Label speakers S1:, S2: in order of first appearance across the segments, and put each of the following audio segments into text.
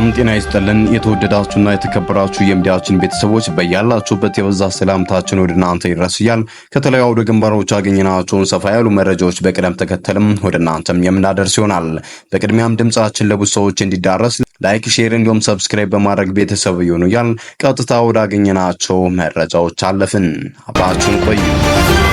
S1: ሰላም ጤና ይስጥልን። የተወደዳችሁና የተከበራችሁ የሚዲያችን ቤተሰቦች በያላችሁበት የበዛ ሰላምታችን ወደ እናንተ ይድረስ እያል ከተለያዩ አውደ ግንባሮች ያገኘናቸውን ሰፋ ያሉ መረጃዎች በቅደም ተከተልም ወደ እናንተም የምናደርስ ይሆናል። በቅድሚያም ድምጻችን ለብዙ ሰዎች እንዲዳረስ ላይክ፣ ሼር እንዲሁም ሰብስክራይብ በማድረግ ቤተሰብ ይሆኑ እያል ቀጥታ ወዳገኘናቸው መረጃዎች አለፍን። አብራችሁን ቆዩ።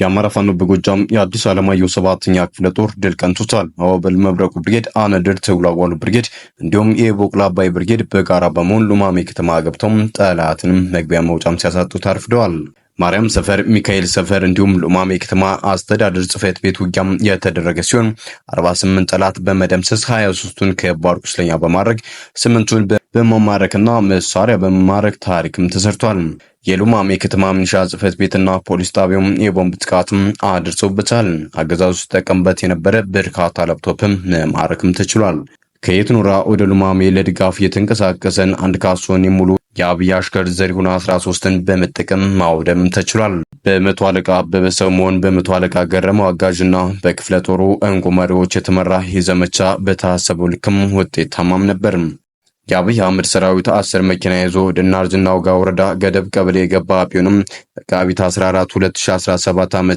S1: የአማራ ፋኖ በጎጃም የአዲስ ዓለማየሁ ሰባተኛ ክፍለ ጦር ድል ቀንቶታል። አዋበል መብረቁ ብርጌድ፣ አነድር ተውላዋሉ ብርጌድ እንዲሁም የቦቅላ አባይ ብርጌድ በጋራ በመሆን ሉማሜ ከተማ ገብተውም ጠላትንም መግቢያ መውጫም ሲያሳጡ ታርፍደዋል። ማርያም ሰፈር፣ ሚካኤል ሰፈር እንዲሁም ሉማሜ ከተማ አስተዳደር ጽህፈት ቤት ውጊያም የተደረገ ሲሆን 48 ጠላት በመደምሰስ 23ቱን ከባድ ቁስለኛ በማድረግ ስምንቱን በመማረክና መሳሪያ በመማረክ ታሪክም ተሰርቷል። የሉማሜ ከተማ ምንሻ ጽፈት ቤትና ፖሊስ ጣቢያውም የቦምብ ጥቃትም አድርሶበታል። አገዛዙ ሲጠቀምበት የነበረ በርካታ ላፕቶፕም መማረክም ተችሏል። ከየት ኑራ ወደ ሉማሜ ለድጋፍ የተንቀሳቀሰን አንድ ካሶን የሙሉ የአብይ አሽከር ዘሪሁን 13ን በመጠቀም ማውደም ተችሏል። በመቶ አለቃ አበበ ሰሞን፣ በመቶ አለቃ ገረመው አጋዥና በክፍለ ጦሩ እንቁ መሪዎች የተመራ የዘመቻ በታሰበው ልክም ውጤታማም ነበር። የአብይ አህመድ ሰራዊት አስር መኪና ይዞ ድናር ዝናውጋ ወረዳ ገደብ ቀበሌ የገባ ቢሆንም መጋቢት 14 2017 ዓ ም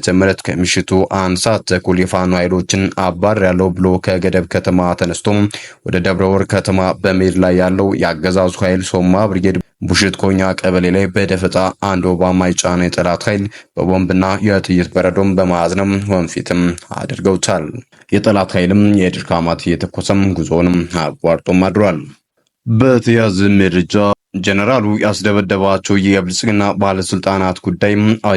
S1: ከምሽቱ አንድ ሰዓት ተኩል የፋኖ ኃይሎችን አባር ያለው ብሎ ከገደብ ከተማ ተነስቶ ወደ ደብረ ወር ከተማ በመሄድ ላይ ያለው የአገዛዙ ኃይል ሶማ ብርጌድ ቡሽት ኮኛ ቀበሌ ላይ በደፈጣ አንድ ወባ የጫነ የጠላት ኃይል በቦምብና የጥይት በረዶም በማዝነም ወንፊትም አድርገውታል። የጠላት ኃይልም የድርካማት እየተኮሰም ጉዞውንም አቋርጦም አድሯል። በተያዘ መረጃ ጀነራሉ ያስደበደባቸው የብልጽግና ባለስልጣናት ጉዳይ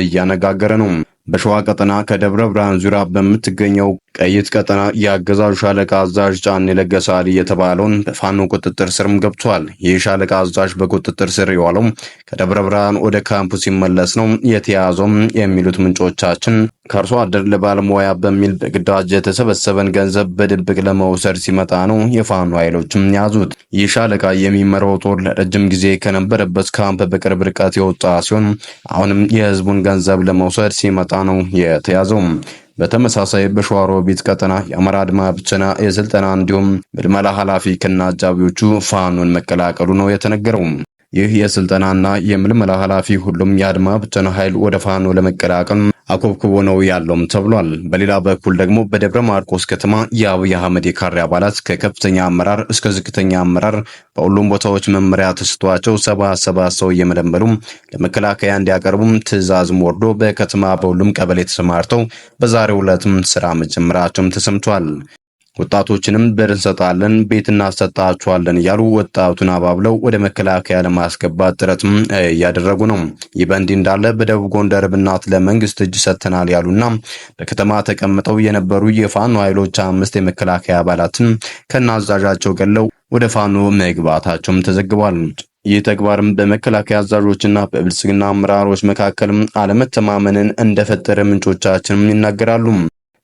S1: እያነጋገረ ነው። በሸዋ ቀጠና ከደብረ ብርሃን ዙሪያ በምትገኘው ቀይት ቀጠና የአገዛዙ ሻለቃ አዛዥ ጫኔ ለገሰ የተባለውን በፋኖ ቁጥጥር ስርም ገብቷል። ይህ ሻለቃ አዛዥ በቁጥጥር ስር የዋለው ከደብረ ብርሃን ወደ ካምፑ ሲመለስ ነው የተያዘውም የሚሉት ምንጮቻችን ከአርሶ አደር ለባለሙያ በሚል ግዳጅ የተሰበሰበን ገንዘብ በድብቅ ለመውሰድ ሲመጣ ነው የፋኖ ኃይሎችም ያዙት። ይህ ሻለቃ የሚመራው ጦር ለረጅም ጊዜ ከነበረበት ካምፕ በቅርብ ርቀት የወጣ ሲሆን አሁንም የህዝቡን ገንዘብ ለመውሰድ ሲመጣ ነው የተያዘው። በተመሳሳይ በሸዋሮቢት ቀጠና የአማራ አድማ ብቸና የስልጠና እንዲሁም ምልመላ ኃላፊ ከነ አጃቢዎቹ ፋኖን መቀላቀሉ ነው የተነገረው። ይህ የስልጠናና የምልመላ ኃላፊ ሁሉም የአድማ ብተና ኃይል ወደ ፋኖ ለመቀላቀል አኮብኩቦ ነው ያለውም ተብሏል። በሌላ በኩል ደግሞ በደብረ ማርቆስ ከተማ የአብይ አህመድ የካሬ አባላት ከከፍተኛ አመራር እስከ ዝቅተኛ አመራር በሁሉም ቦታዎች መመሪያ ተሰጥቷቸው ሰባ ሰባ ሰው እየመለመሉም ለመከላከያ እንዲያቀርቡም ትዕዛዝም ወርዶ በከተማ በሁሉም ቀበሌ ተሰማርተው በዛሬው ዕለትም ስራ መጀመራቸውም ተሰምቷል። ወጣቶችንም ብር እንሰጣለን፣ ቤት እናሰጣችኋለን እያሉ ወጣቱን አባብለው ወደ መከላከያ ለማስገባት ጥረትም እያደረጉ ነው። ይህ በእንዲህ እንዳለ በደቡብ ጎንደር ብናት ለመንግስት እጅ ሰጥተናል ያሉና በከተማ ተቀምጠው የነበሩ የፋኖ ኃይሎች አምስት የመከላከያ አባላትን ከናዛዣቸው ገለው ወደ ፋኖ መግባታቸውም ተዘግቧል። ይህ ተግባርም በመከላከያ አዛዦችና በብልጽግና አመራሮች መካከልም አለመተማመንን እንደፈጠረ ምንጮቻችንም ይናገራሉ።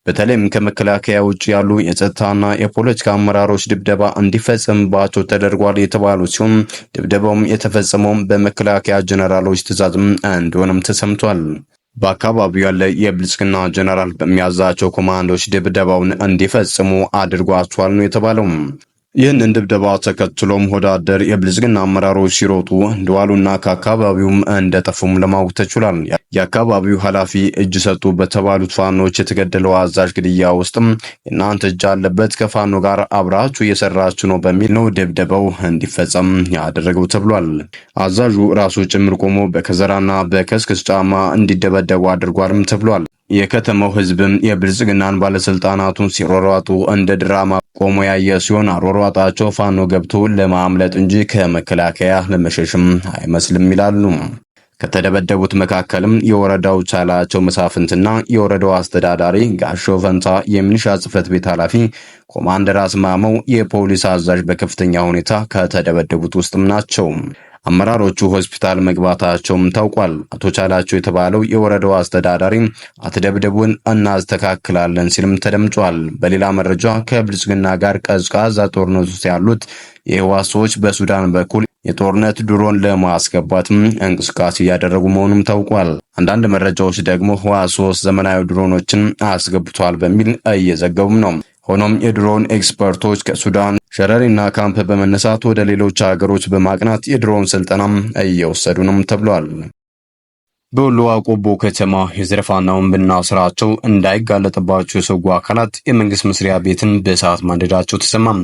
S1: በተለይም ከመከላከያ ውጭ ያሉ የጸጥታና የፖለቲካ አመራሮች ድብደባ እንዲፈጸምባቸው ተደርጓል የተባሉ ሲሆን ድብደባውም የተፈጸመውም በመከላከያ ጀነራሎች ትእዛዝም እንደሆነም ተሰምቷል። በአካባቢው ያለ የብልጽግና ጀነራል በሚያዛቸው ኮማንዶች ድብደባውን እንዲፈጽሙ አድርጓቸዋል ነው የተባለው። ይህንን ድብደባ ተከትሎም ሆደ አደር የብልጽግና አመራሮች ሲሮጡ እንደዋሉና ከአካባቢውም እንደጠፉም ለማወቅ ተችሏል። የአካባቢው ኃላፊ እጅ ሰጡ በተባሉት ፋኖች የተገደለው አዛዥ ግድያ ውስጥም እናንተ እጅ አለበት፣ ከፋኖ ጋር አብራችሁ እየሰራችሁ ነው በሚል ነው ድብደባው እንዲፈጸም ያደረገው ተብሏል። አዛዡ ራሱ ጭምር ቆሞ በከዘራና በከስክስ ጫማ እንዲደበደቡ አድርጓልም ተብሏል። የከተማው ህዝብም የብልጽግናን ባለስልጣናቱን ሲሯሯጡ እንደ ድራማ ቆሞ ያየ ሲሆን አሯሯጣቸው ፋኖ ገብቶ ለማምለጥ እንጂ ከመከላከያ ለመሸሽም አይመስልም ይላሉ። ከተደበደቡት መካከልም የወረዳው ቻላቸው መሳፍንትና የወረዳው አስተዳዳሪ ጋሾ ፈንታ፣ የሚኒሻ ጽህፈት ቤት ኃላፊ ኮማንደር አስማመው፣ የፖሊስ አዛዥ በከፍተኛ ሁኔታ ከተደበደቡት ውስጥም ናቸው። አመራሮቹ ሆስፒታል መግባታቸውም ታውቋል። አቶ ቻላቸው የተባለው የወረዳው አስተዳዳሪ አትደብደቡን እናስተካክላለን ሲልም ተደምጧል። በሌላ መረጃ ከብልጽግና ጋር ቀዝቃዛ ጦርነት ውስጥ ያሉት የህዋ ሰዎች በሱዳን በኩል የጦርነት ድሮን ለማስገባትም እንቅስቃሴ እያደረጉ መሆኑም ታውቋል። አንዳንድ መረጃዎች ደግሞ ህዋ ሶስት ዘመናዊ ድሮኖችን አስገብቷል በሚል እየዘገቡም ነው። ሆኖም የድሮን ኤክስፐርቶች ከሱዳን ሸረሪና ካምፕ በመነሳት ወደ ሌሎች ሀገሮች በማቅናት የድሮን ስልጠናም እየወሰዱ ነው ተብሏል። በወሎ ቆቦ ከተማ የዘረፋና ወንብና ስራቸው እንዳይጋለጥባቸው የሰጉ አካላት የመንግስት መስሪያ ቤትን በእሳት ማንደዳቸው ተሰማም።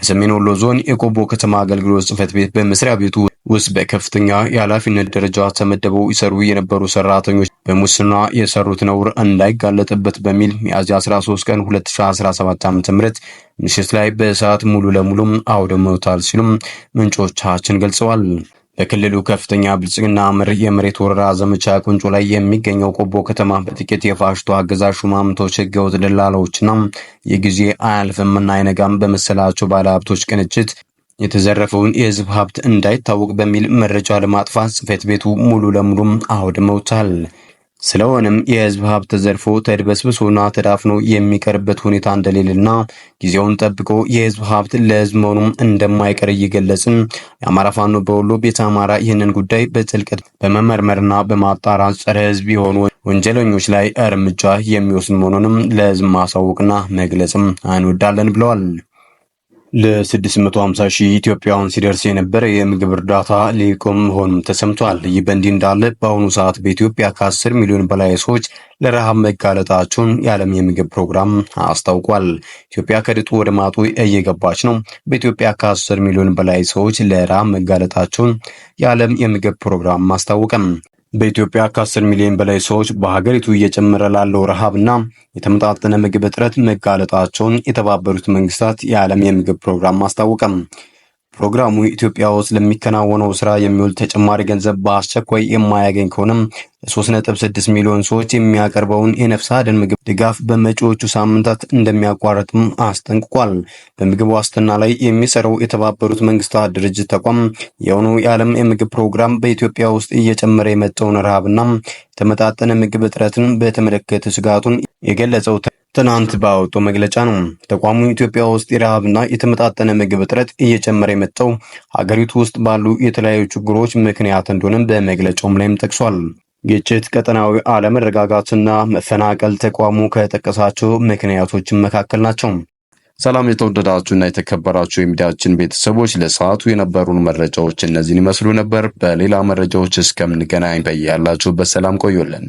S1: በሰሜን ወሎ ዞን የቆቦ ከተማ አገልግሎት ጽህፈት ቤት በመስሪያ ቤቱ ውስጥ በከፍተኛ የኃላፊነት ደረጃ ተመደበው ይሰሩ የነበሩ ሰራተኞች በሙስና የሰሩት ነውር እንዳይጋለጥበት በሚል ሚያዝያ 13 ቀን 2017 ዓ.ም ምሽት ላይ በእሳት ሙሉ ለሙሉም አውድመውታል ሲሉም ምንጮቻችን ገልጸዋል። በክልሉ ከፍተኛ ብልጽግና ምር የመሬት ወረራ ዘመቻ ቁንጮ ላይ የሚገኘው ቆቦ ከተማ በጥቂት የፋሽቶ አገዛዝ ሹማምንቶች ህገወጥ ደላሎችና የጊዜ አያልፍምና አይነጋም በመሰላቸው ባለሀብቶች ቅንጅት የተዘረፈውን የህዝብ ሀብት እንዳይታወቅ በሚል መረጃ ለማጥፋት ጽፈት ቤቱ ሙሉ ለሙሉም አውድመውታል። ስለሆነም የህዝብ ሀብት ተዘርፎ ተድበስብሶና ተዳፍኖ የሚቀርበት ሁኔታ እንደሌለና ጊዜውን ጠብቆ የህዝብ ሀብት ለህዝብ መሆኑም እንደማይቀር እየገለጽም የአማራ ፋኖ በወሎ ቤተ አማራ ይህንን ጉዳይ በጥልቀት በመመርመርና በማጣራት ጸረ ህዝብ የሆኑ ወንጀለኞች ላይ እርምጃ የሚወስድ መሆኑንም ለህዝብ ማሳወቅና መግለጽም እንወዳለን ብለዋል። ለ650 ሺህ ኢትዮጵያውያን ሲደርስ የነበረ የምግብ እርዳታ ሊቆም መሆኑም ተሰምቷል። ይህ በእንዲህ እንዳለ በአሁኑ ሰዓት በኢትዮጵያ ከ10 ሚሊዮን በላይ ሰዎች ለረሃብ መጋለጣቸውን የዓለም የምግብ ፕሮግራም አስታውቋል። ኢትዮጵያ ከድጡ ወደ ማጡ እየገባች ነው። በኢትዮጵያ ከ10 ሚሊዮን በላይ ሰዎች ለረሃብ መጋለጣቸውን የዓለም የምግብ ፕሮግራም አስታወቀም። በኢትዮጵያ ከ10 ሚሊዮን በላይ ሰዎች በሀገሪቱ እየጨመረ ላለው ረሃብና የተመጣጠነ ምግብ እጥረት መጋለጣቸውን የተባበሩት መንግስታት የዓለም የምግብ ፕሮግራም አስታወቀም። ፕሮግራሙ ኢትዮጵያ ውስጥ ለሚከናወነው ስራ የሚውል ተጨማሪ ገንዘብ በአስቸኳይ የማያገኝ ከሆነም ለ3.6 ሚሊዮን ሰዎች የሚያቀርበውን የነፍስ አድን ምግብ ድጋፍ በመጪዎቹ ሳምንታት እንደሚያቋርጥም አስጠንቅቋል። በምግብ ዋስትና ላይ የሚሰራው የተባበሩት መንግስታት ድርጅት ተቋም የሆኑ የዓለም የምግብ ፕሮግራም በኢትዮጵያ ውስጥ እየጨመረ የመጣውን ረሃብና የተመጣጠነ ምግብ እጥረትን በተመለከተ ስጋቱን የገለጸው ትናንት ባወጡ መግለጫ ነው። ተቋሙ ኢትዮጵያ ውስጥ የረሃብና የተመጣጠነ ምግብ እጥረት እየጨመረ የመጣው ሀገሪቱ ውስጥ ባሉ የተለያዩ ችግሮች ምክንያት እንደሆነም በመግለጫውም ላይም ጠቅሷል። ግጭት፣ ቀጠናዊ አለመረጋጋትና መፈናቀል ተቋሙ ከጠቀሳቸው ምክንያቶችን መካከል ናቸው። ሰላም የተወደዳችሁና የተከበራችሁ የሚዲያችን ቤተሰቦች ለሰዓቱ የነበሩን መረጃዎች እነዚህን ይመስሉ ነበር። በሌላ መረጃዎች እስከምንገናኝ በያላችሁበት ሰላም ቆዩልን።